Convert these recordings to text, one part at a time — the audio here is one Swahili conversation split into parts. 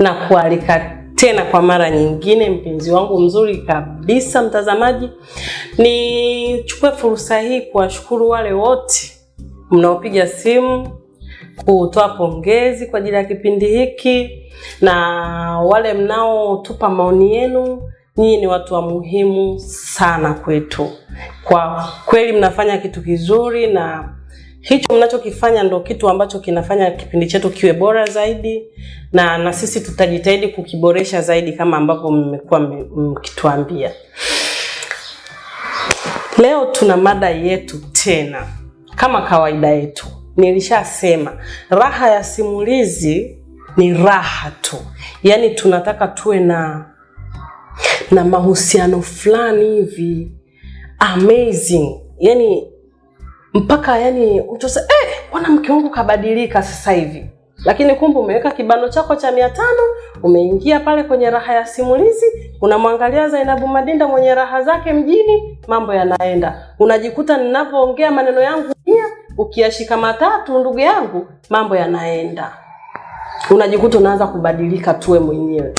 na kualika tena kwa mara nyingine, mpenzi wangu mzuri kabisa mtazamaji. Nichukue fursa hii kuwashukuru wale wote mnaopiga simu kutoa pongezi kwa ajili ya kipindi hiki na wale mnaotupa maoni yenu. Nyinyi ni watu wa muhimu sana kwetu, kwa kweli mnafanya kitu kizuri na Hicho mnachokifanya ndo kitu ambacho kinafanya kipindi chetu kiwe bora zaidi, na na sisi tutajitahidi kukiboresha zaidi kama ambavyo mmekuwa mkituambia. Leo tuna mada yetu tena, kama kawaida yetu. Nilishasema raha ya simulizi ni raha tu, yaani tunataka tuwe na na mahusiano fulani hivi amazing, yaani mpaka yani mtu sasa eh, bwana mke wangu kabadilika sasa hivi. Lakini kumbe umeweka kibano chako cha mia tano umeingia pale kwenye raha ya simulizi, unamwangalia Zainabu Madinda mwenye raha zake mjini, mambo yanaenda. Unajikuta ninavyoongea maneno yangu mia, ukiyashika matatu, ndugu yangu, mambo yanaenda. Unajikuta unaanza kubadilika tuwe mwenyewe.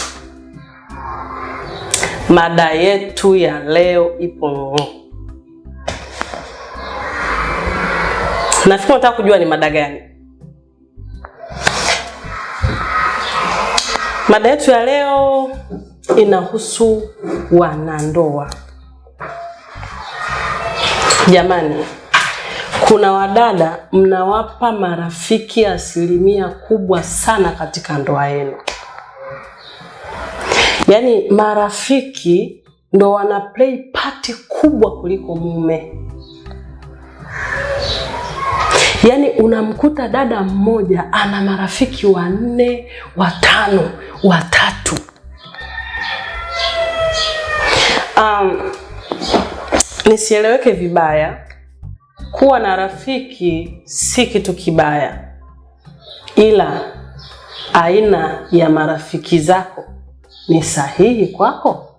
Mada yetu ya leo ipo Nafikiri nataka kujua ni mada gani. Mada yetu ya leo inahusu wanandoa. Jamani, kuna wadada mnawapa marafiki asilimia kubwa sana katika ndoa yenu. Yaani marafiki ndo wana play party kubwa kuliko mume. Yaani unamkuta dada mmoja ana marafiki wanne, watano, watatu. Um, nisieleweke vibaya, kuwa na rafiki si kitu kibaya, ila aina ya marafiki zako ni sahihi kwako?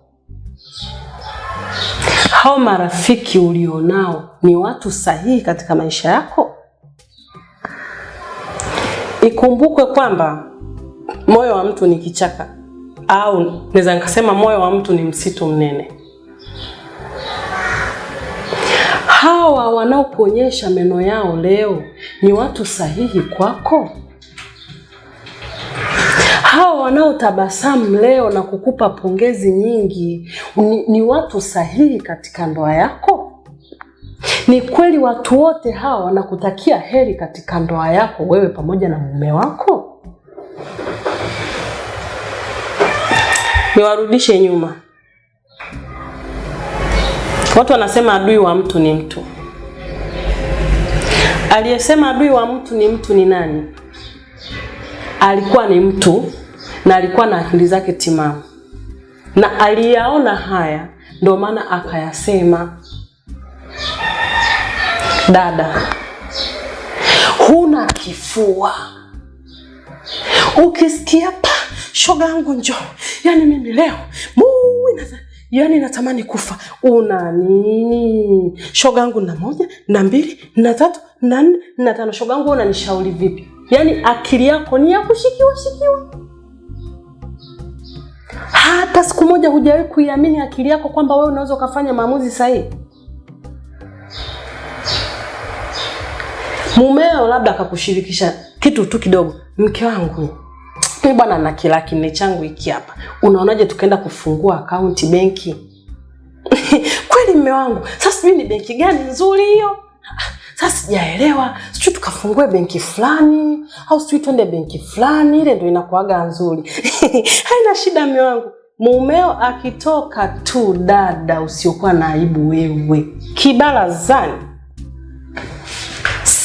Hao marafiki ulionao ni watu sahihi katika maisha yako? Ikumbukwe kwamba moyo wa mtu ni kichaka, au naweza nikasema moyo wa mtu ni msitu mnene. Hawa wanaokuonyesha meno yao leo ni watu sahihi kwako? Hawa wanaotabasamu leo na kukupa pongezi nyingi ni, ni watu sahihi katika ndoa yako? Ni kweli watu wote hawa wanakutakia heri katika ndoa yako wewe pamoja na mume wako? Niwarudishe nyuma. Watu wanasema adui wa mtu ni mtu. Aliyesema adui wa mtu ni mtu ni nani? Alikuwa ni mtu na alikuwa na akili zake timamu, na aliyaona haya, ndio maana akayasema. Dada, huna kifua. Ukisikia pa shoga yangu njo yaani mimi leo muu, yaani natamani kufa. Una nini? Shoga yangu na moja na mbili na tatu na nne na tano. Shoga yangu unanishauri vipi? Yaani akili yako ni ya kushikiwa shikiwa. Hata siku moja hujawahi kuiamini akili yako kwamba wewe unaweza ukafanya maamuzi sahihi. Mumeo labda akakushirikisha kitu tu kidogo, mke wangu mimi bwana na kila kile changu hiki hapa, unaonaje tukaenda kufungua akaunti benki? Kweli mme wangu, sasa sijui ni benki gani nzuri hiyo, sasa sijaelewa, sijui tukafungue benki fulani au sijui twende benki fulani, ile ndio inakuaga nzuri. Haina shida mme wangu, mumeo akitoka tu dada, usiokuwa na aibu wewe, kibarazani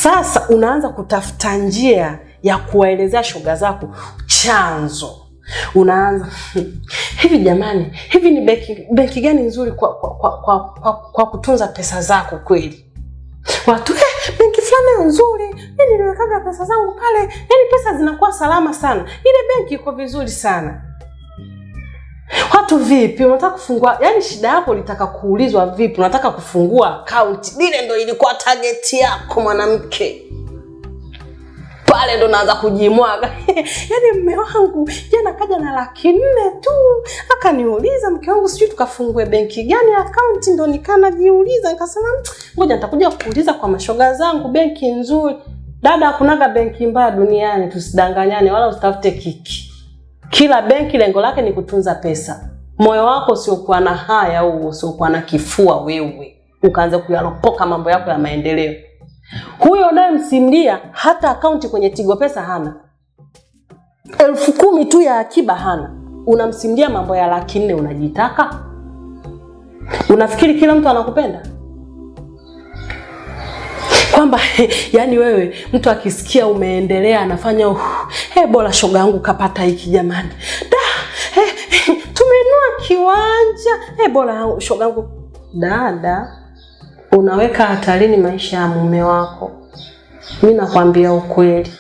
sasa unaanza kutafuta njia ya kuwaelezea shoga zako chanzo. Unaanza hmm, hivi, jamani, hivi ni benki benki gani nzuri kwa, kwa, kwa, kwa, kwa, kwa kutunza pesa zako kweli? Watu eh, benki fulani nzuri, mimi niliwekaga pesa zangu pale, yani pesa zinakuwa salama sana, ile benki iko vizuri sana. Watu vipi? Unataka kufungua, yani shida yako litaka kuulizwa vipi? Unataka kufungua akaunti. Lile ndo ilikuwa target yako mwanamke. Pale ndo naanza kujimwaga. yani mme wangu jana kaja na laki nne tu. Akaniuliza mke wangu sijui tukafungue benki gani akaunti ndo nikanajiuliza nikasema ngoja nitakuja kuuliza kwa mashoga zangu benki nzuri. Dada, hakunaga benki mbaya duniani, tusidanganyane wala usitafute kiki. Kila benki lengo lake ni kutunza pesa. Moyo wako usiokuwa na haya au usiokuwa na kifua wewe ukaanza kuyaropoka mambo yako ya maendeleo. Huyo unayemsimulia hata akaunti kwenye Tigo Pesa hana, elfu kumi tu ya akiba hana, unamsimulia mambo ya laki nne. Unajitaka? Unafikiri kila mtu anakupenda? kwamba yani wewe mtu akisikia umeendelea anafanya uh, he, eh, bora shoga yangu kapata hiki jamani, da he, eh, he, tumenua kiwanja he, eh, bora shoga yangu. Dada, unaweka hatarini maisha ya mume wako. Mi nakwambia ukweli,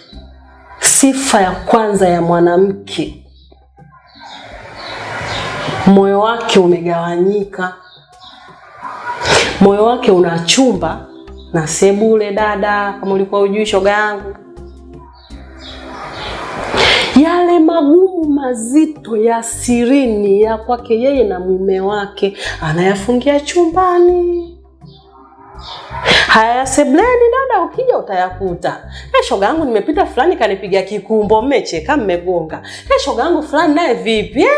sifa ya kwanza ya mwanamke, moyo wake umegawanyika, moyo wake una chumba na sebule. Dada, kama ulikuwa ujui, shoga yangu, yale magumu mazito ya sirini ya kwake yeye na mume wake anayafungia chumbani. Haya sebleni dada, ukija utayakuta. Eh, shoga yangu nimepita fulani kanipiga kikumbo, mmecheka mmegonga. Eh, shoga yangu fulani naye vipi? Eh,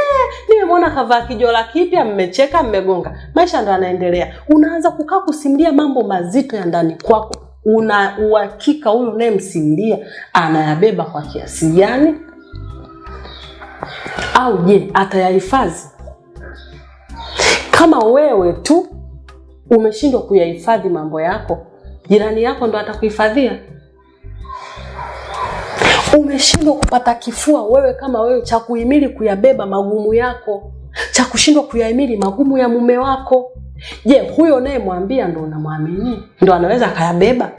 nimemwona kavaa kijola kipya, mmecheka mmegonga. Maisha ndo anaendelea Unaanza kukaa kusimulia mambo mazito ya ndani kwako. Una uhakika huyu unayemsimulia anayabeba kwa kiasi gani? Au je, atayahifadhi? Kama wewe tu umeshindwa kuyahifadhi mambo yako, jirani yako ndo atakuhifadhia. Umeshindwa kupata kifua wewe kama wewe cha kuhimili kuyabeba magumu yako, cha kushindwa kuyahimili magumu ya mume wako. Je, huyo unayemwambia ndo unamwamini? Ndo anaweza akayabeba?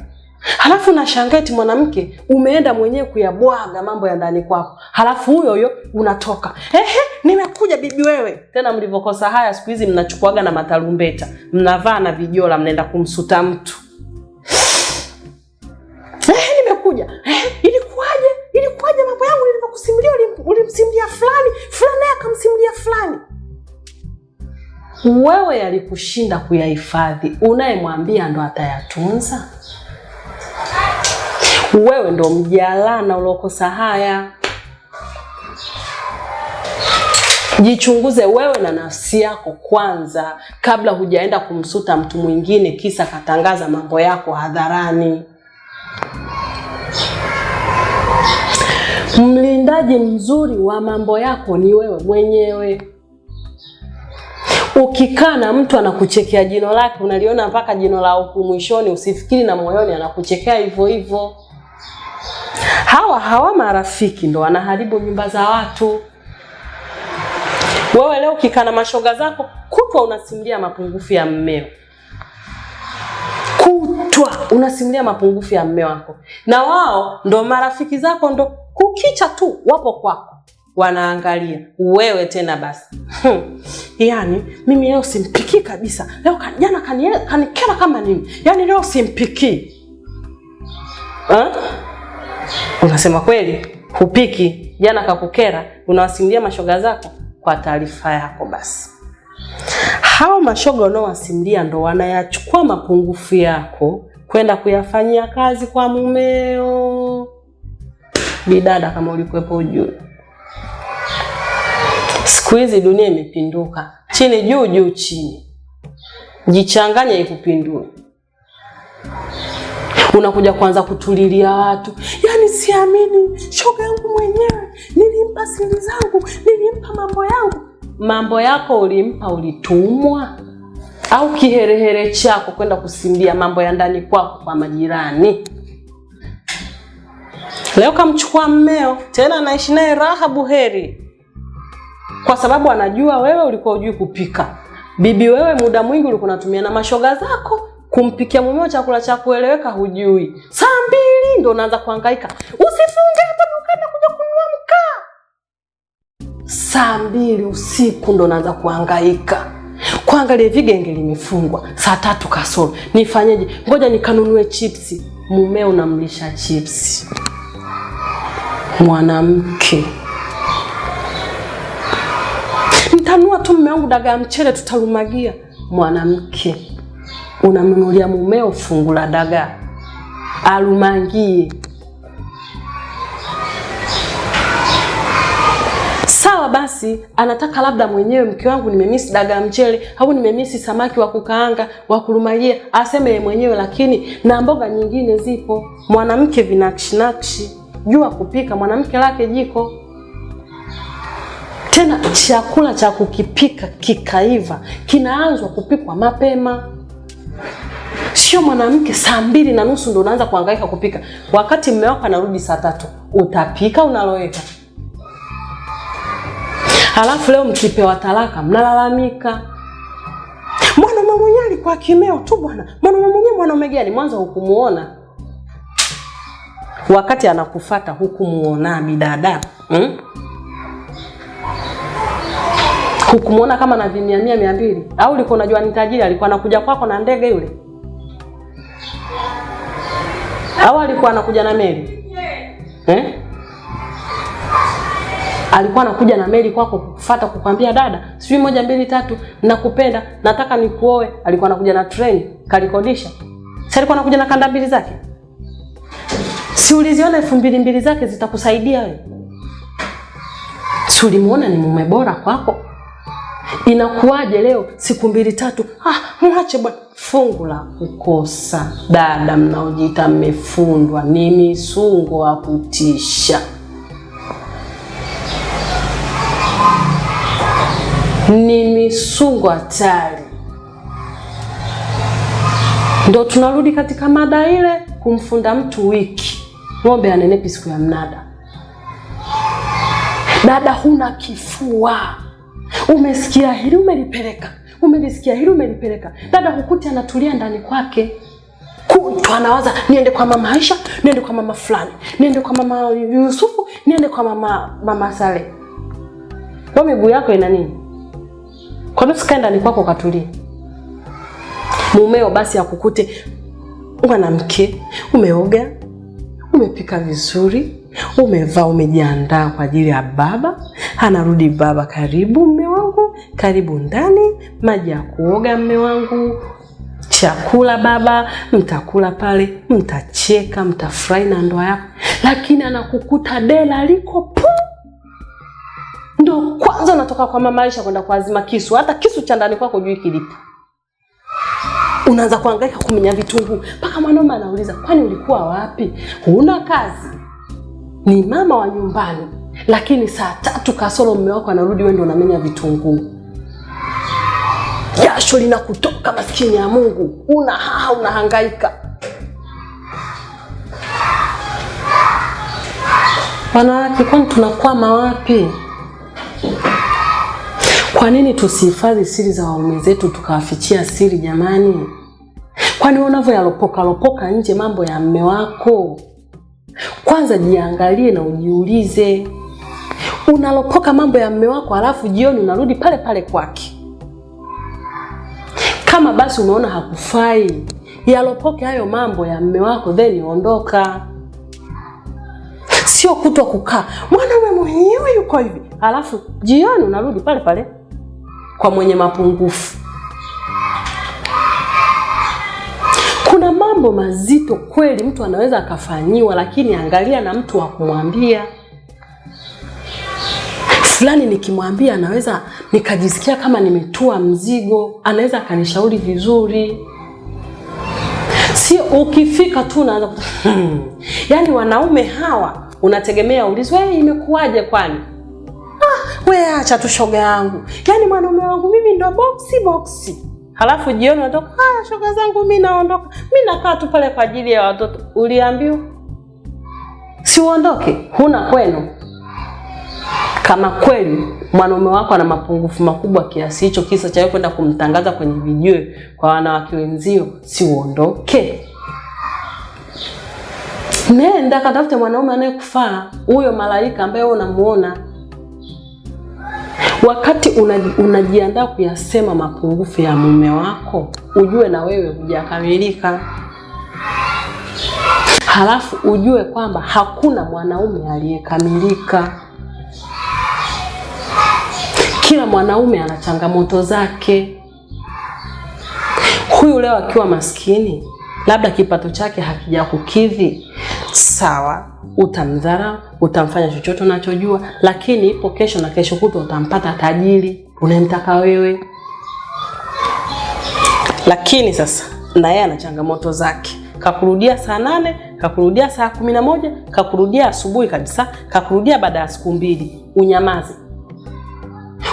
Halafu nashangaa eti mwanamke umeenda mwenyewe kuyabwaga mambo ya ndani kwako, halafu huyo huyo unatoka ehe, nimekuja bibi wewe. Tena mlivyokosa haya, siku hizi mnachukuaga na matarumbeta, mnavaa na vijola, mnaenda kumsuta mtu ehe, nimekuja ehe, ilikuwaje? Ilikuwaje mambo yangu nilivyokusimulia, ulimsimulia fulani fulani, akamsimulia fulani wewe yalikushinda kuyahifadhi, unayemwambia ndo atayatunza? Wewe ndo mjalana uliokosa haya. Jichunguze wewe na nafsi yako kwanza, kabla hujaenda kumsuta mtu mwingine kisa katangaza mambo yako hadharani. Mlindaji mzuri wa mambo yako ni wewe mwenyewe. Ukikaa na mtu anakuchekea jino lake, unaliona mpaka jino la huku mwishoni, usifikiri na moyoni, anakuchekea hivyo hivyo. Hawa hawa marafiki ndo wanaharibu nyumba za watu. Wewe leo ukikaa na mashoga zako kutwa unasimulia mapungufu ya mmeo, kutwa unasimulia mapungufu ya mme wako, na wao ndo marafiki zako, ndo kukicha tu wapo kwako wanaangalia wewe tena basi. Hmm. Yaani mimi leo simpikii kabisa, leo jana kanikera kani kama nini, yani leo simpikii huh? Unasema kweli hupiki, jana kakukera, unawasimulia mashoga zako. Kwa taarifa yako basi, hao mashoga unaowasimulia ndo wanayachukua mapungufu yako kwenda kuyafanyia kazi kwa mumeo. Bidada, kama ulikuwepo ujue, siku hizi dunia imepinduka, chini juu juu chini, jichanganya ikupindue. Unakuja kuanza kutulilia watu yani siamini, shoga yangu mwenyewe nilimpa siri zangu, nilimpa mambo yangu. Mambo yako ulimpa, ulitumwa au kiherehere chako kwenda kusimbia mambo ya ndani kwako kwa majirani. Leo kamchukua mmeo tena, anaishi naye raha buheri, kwa sababu anajua wewe ulikuwa ujui kupika. Bibi wewe, muda mwingi ulikuwa unatumia na mashoga zako kumpikia mumeo chakula cha kueleweka, hujui sambi ndo unaanza kuhangaika. Usifunge hata dukani kuja kununua mkaa. Saa mbili usiku ndo naanza kuhangaika kuangalia vigenge limefungwa saa tatu kasoro, nifanyeje? Ngoja nikanunue chipsi. Mumeo unamlisha chipsi, mwanamke. Nitanua tu mume wangu dagaa ya mchele, tutalumagia. Mwanamke, unamnunulia mumeo fungu la dagaa alumangie. Sawa basi, anataka labda mwenyewe mke wangu nimemisi dagaa mchele au nimemisi samaki wa kukaanga wa kulumalia, aseme yeye mwenyewe, lakini na mboga nyingine zipo. Mwanamke vinakshinakshi, jua kupika mwanamke lake jiko tena chakula cha kukipika kikaiva kinaanzwa kupikwa mapema. Sio mwanamke, saa mbili na nusu ndo unaanza kuhangaika kupika, wakati mume wako anarudi saa tatu. Utapika unaloweka. Halafu leo mkipewa talaka mnalalamika, mwanaume mwenyewe alikuwa kimeo tu bwana. Mwanaume mwenyewe mwanaume gani? Mwanzo hukumuona wakati anakufata, hukumuona bidada hmm? Hukumuona kama na vimia mia mia mbili, au ulikuwa unajua ni tajiri? Alikuwa anakuja kwako na ndege yule au alikuwa anakuja na meli eh? alikuwa anakuja na meli kwako kufuata kukwambia, dada, sijui moja mbili tatu, nakupenda, nataka nikuoe. Alikuwa anakuja na treni kalikodisha, si alikuwa anakuja na kanda mbili zake? Si uliziona elfu mbili mbili zake zitakusaidia wewe? Si ulimuona ni mume bora kwako? Inakuwaje leo siku mbili tatu, ah, mwache bwana Fungu la kukosa dada, mnaojiita mmefundwa, ni misungo wa kutisha. Ni misungo hatari. Ndo tunarudi katika mada ile, kumfunda mtu wiki, ng'ombe anenepi siku ya mnada. Dada, huna kifua, umesikia hili umelipeleka umelisikia hili, umelipeleka dada, hukuti anatulia ndani kwake kutwa anawaza niende kwa mama Aisha, niende kwa mama fulani, niende kwa mama Yusufu, niende kwa mama mama Sale. Kwa miguu yako ina nini? Kwa nini sikaenda ndani kwako katulie? Mumeo basi akukute mwanamke umeoga, umepika vizuri umevaa, umejiandaa kwa ajili ya baba. Anarudi baba, karibu mme wangu, karibu ndani, maji ya kuoga mme wangu, chakula baba, mtakula pale, mtacheka, mtafurahi na ndoa yako. Lakini anakukuta dela liko pu, ndo kwanza unatoka kwa mama Aisha kwenda kuazima kisu, hata kisu cha ndani kwako hujui kilipo unaanza kuangaika kumenya vitunguu mpaka mwanaume anauliza, kwani ulikuwa wapi? Huna kazi? ni mama wa nyumbani, lakini saa tatu kasoro mume wako anarudi, wewe ndio unamenya vitunguu. Jasho linakutoka, maskini ya Mungu, una haha, unahangaika. Wanawake, kwani tunakwama wapi? Kwa nini tusihifadhi siri za waume zetu tukawafichia siri jamani? Kwani unavyoyalopoka lopoka nje mambo ya mme wako kwanza jiangalie na ujiulize, unalopoka mambo ya mme wako halafu jioni unarudi pale pale kwake. Kama basi umeona hakufai, yalopoke hayo mambo ya mme wako then ondoka. Sio kutwa kukaa mwanaume mwenyewe yuko hivi, halafu jioni unarudi pale pale kwa mwenye mapungufu. mambo mazito kweli mtu anaweza akafanyiwa, lakini angalia na mtu wa kumwambia. Fulani nikimwambia anaweza nikajisikia kama nimetua mzigo, anaweza akanishauri vizuri. Sio ukifika tu unaanza hmm. Yaani wanaume hawa unategemea ulizwe, hey, imekuwaje kwani? Ah, we acha tu shoga yangu, yaani mwanaume wangu mimi ndo boksi boksi halafu jioni unatoka, ah, shoga zangu, mi naondoka, mi nakaa tu pale kwa ajili ya watoto. Uliambiwa si uondoke, huna kwenu. Kama kweli mwanaume wako ana mapungufu makubwa kiasi hicho, kisa cha kwenda kumtangaza kwenye video kwa wanawake wenzio, si uondoke, nenda katafute mwanaume anayekufaa, huyo malaika ambaye wewe unamuona Wakati unajiandaa kuyasema mapungufu ya mume wako, ujue na wewe hujakamilika. Halafu ujue kwamba hakuna mwanaume aliyekamilika. Kila mwanaume ana changamoto zake. Huyu leo akiwa maskini, labda kipato chake hakijakukidhi sawa, utamdharau, utamfanya chochote unachojua, lakini ipo kesho na kesho kutwa utampata tajiri unayemtaka wewe. Lakini sasa na yeye ana changamoto zake, kakurudia saa nane, kakurudia saa kumi na moja, kakurudia asubuhi kabisa, kakurudia baada ya siku mbili, unyamaze,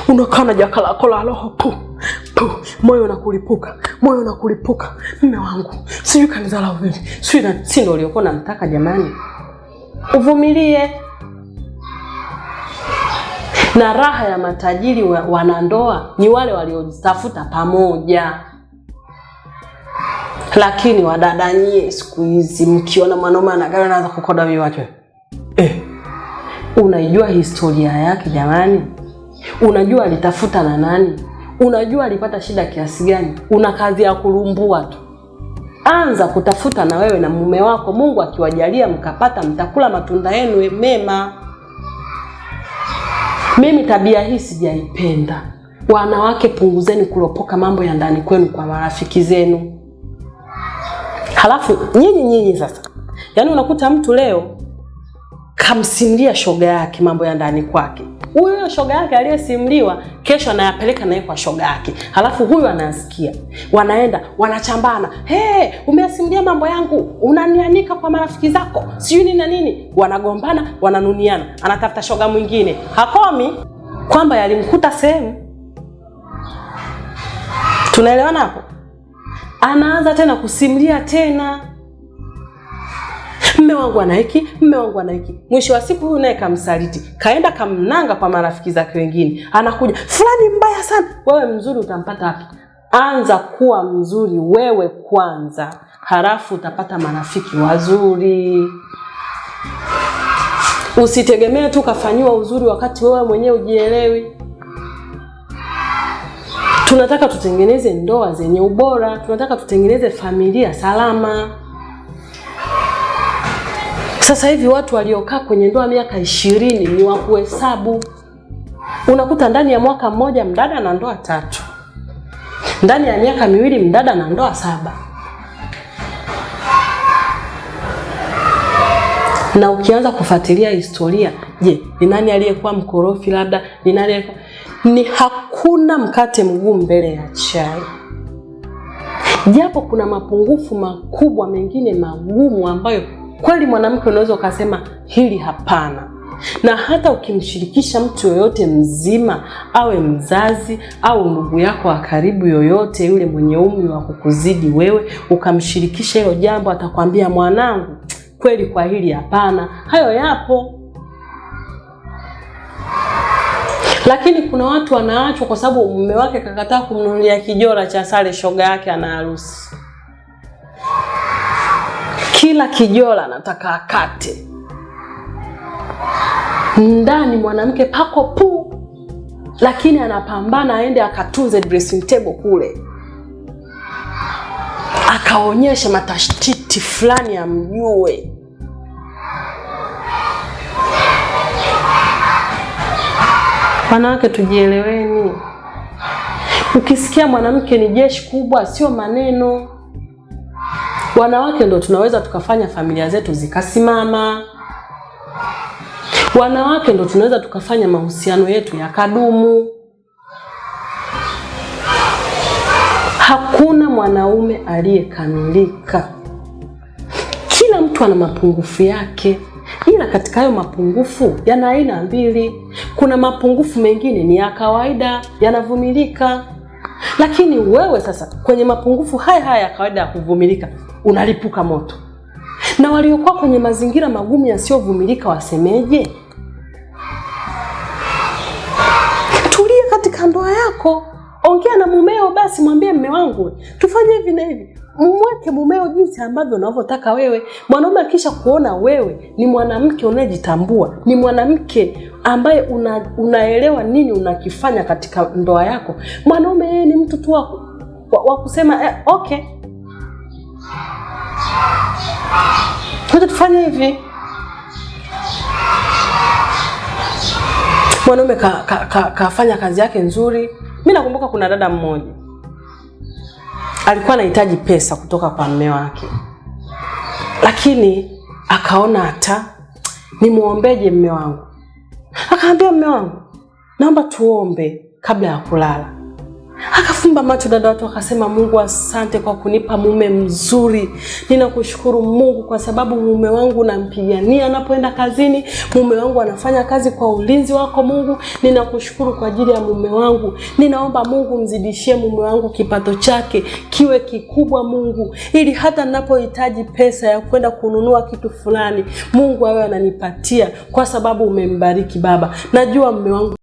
unakaa na jaka lako la roho moyo unakulipuka, moyo unakulipuka. Mme wangu sijui kanizala uvili, sijui si ndo uliokuwa namtaka. Jamani, uvumilie na raha ya matajiri wa, wanandoa ni wale waliojitafuta pamoja, lakini wadada nyie siku hizi mkiona mwanaume ana gari anaanza kukoda viwake eh. Unaijua historia yake jamani? Unajua alitafuta na nani? unajua alipata shida kiasi gani. Una kazi ya kulumbua tu. Anza kutafuta na wewe na mume wako, Mungu akiwajalia mkapata, mtakula matunda yenu mema. Mimi tabia hii sijaipenda. Wanawake, punguzeni kulopoka mambo ya ndani kwenu kwa marafiki zenu. Halafu nyinyi nyinyi sasa, yaani unakuta mtu leo kamsimlia shoga yake mambo ya ndani kwake. Huyo shoga yake aliyesimliwa kesho anayapeleka naye kwa shoga yake, halafu huyu anasikia, wanaenda wanachambana, hey, umeasimlia mambo yangu, unanianika kwa marafiki zako, sijui nini na nini. Wanagombana, wananuniana, anatafuta shoga mwingine. Hakomi kwamba yalimkuta sehemu. Tunaelewana hapo? Anaanza tena kusimlia tena mme wangu ana hiki, mme wangu ana hiki. Mwisho wa siku huyu naye kamsaliti, kaenda kamnanga kwa marafiki zake wengine, anakuja fulani mbaya sana. Wewe mzuri utampata wapi? Anza kuwa mzuri wewe kwanza, halafu utapata marafiki wazuri. Usitegemee tu kafanyiwa uzuri wakati wewe mwenyewe ujielewi. Tunataka tutengeneze ndoa zenye ubora, tunataka tutengeneze familia salama. Sasa hivi watu waliokaa kwenye ndoa miaka ishirini ni wa kuhesabu. Unakuta ndani ya mwaka mmoja mdada na ndoa tatu, ndani ya miaka miwili mdada na ndoa saba, na ukianza kufuatilia historia, je, ni nani aliyekuwa mkorofi? Labda ni nani aliyekuwa ni, hakuna mkate mguu mbele ya chai, japo kuna mapungufu makubwa mengine magumu ambayo Kweli mwanamke unaweza ukasema hili hapana, na hata ukimshirikisha mtu yoyote mzima, awe mzazi au ndugu yako wa karibu yoyote yule mwenye umri wa kukuzidi wewe, ukamshirikisha hilo jambo, atakwambia mwanangu, kweli kwa hili hapana, hayo yapo. Lakini kuna watu wanaachwa kwa sababu mume wake kakataa kumnunulia kijora cha sare shoga yake ana harusi kila kijola nataka akate. Ndani mwanamke pako pu, lakini anapambana aende akatunze dressing table kule, akaonyesha matashtiti fulani amjue. Wanawake tujieleweni. Ukisikia mwanamke ni jeshi kubwa, sio maneno Wanawake ndio tunaweza tukafanya familia zetu zikasimama. Wanawake ndio tunaweza tukafanya mahusiano yetu yakadumu. Hakuna mwanaume aliyekamilika. Kila mtu ana mapungufu yake, ila katika hayo mapungufu yana aina mbili. Kuna mapungufu mengine ni ya kawaida, yanavumilika, lakini wewe sasa, kwenye mapungufu haya haya ya kawaida ya kuvumilika unalipuka moto. Na waliokuwa kwenye mazingira magumu yasiyovumilika wasemeje? Tulia katika ndoa yako, ongea na mumeo basi, mwambie mme wangu, tufanye hivi na hivi. Mweke mumeo jinsi ambavyo unavyotaka wewe. Mwanaume akisha kuona wewe ni mwanamke unayejitambua, ni mwanamke ambaye una, unaelewa nini unakifanya katika ndoa yako, mwanaume yeye ni mtu tu wa kusema eh, okay Ngoja tufanye hivi. Mwanaume kafanya ka, ka, ka kazi yake nzuri. Mi nakumbuka kuna dada mmoja alikuwa anahitaji pesa kutoka kwa mme wake, lakini akaona hata nimwombeje mme wangu. Akaambia mme wangu, naomba tuombe kabla ya kulala. Akafumba macho dada watu, akasema Mungu, asante kwa kunipa mume mzuri. Ninakushukuru Mungu kwa sababu mume wangu nampigania anapoenda kazini, mume wangu anafanya kazi kwa ulinzi wako Mungu. Ninakushukuru kwa ajili ya mume wangu. Ninaomba Mungu mzidishie mume wangu kipato chake kiwe kikubwa Mungu, ili hata ninapohitaji pesa ya kwenda kununua kitu fulani, Mungu awe ananipatia kwa sababu umembariki Baba. Najua mume wangu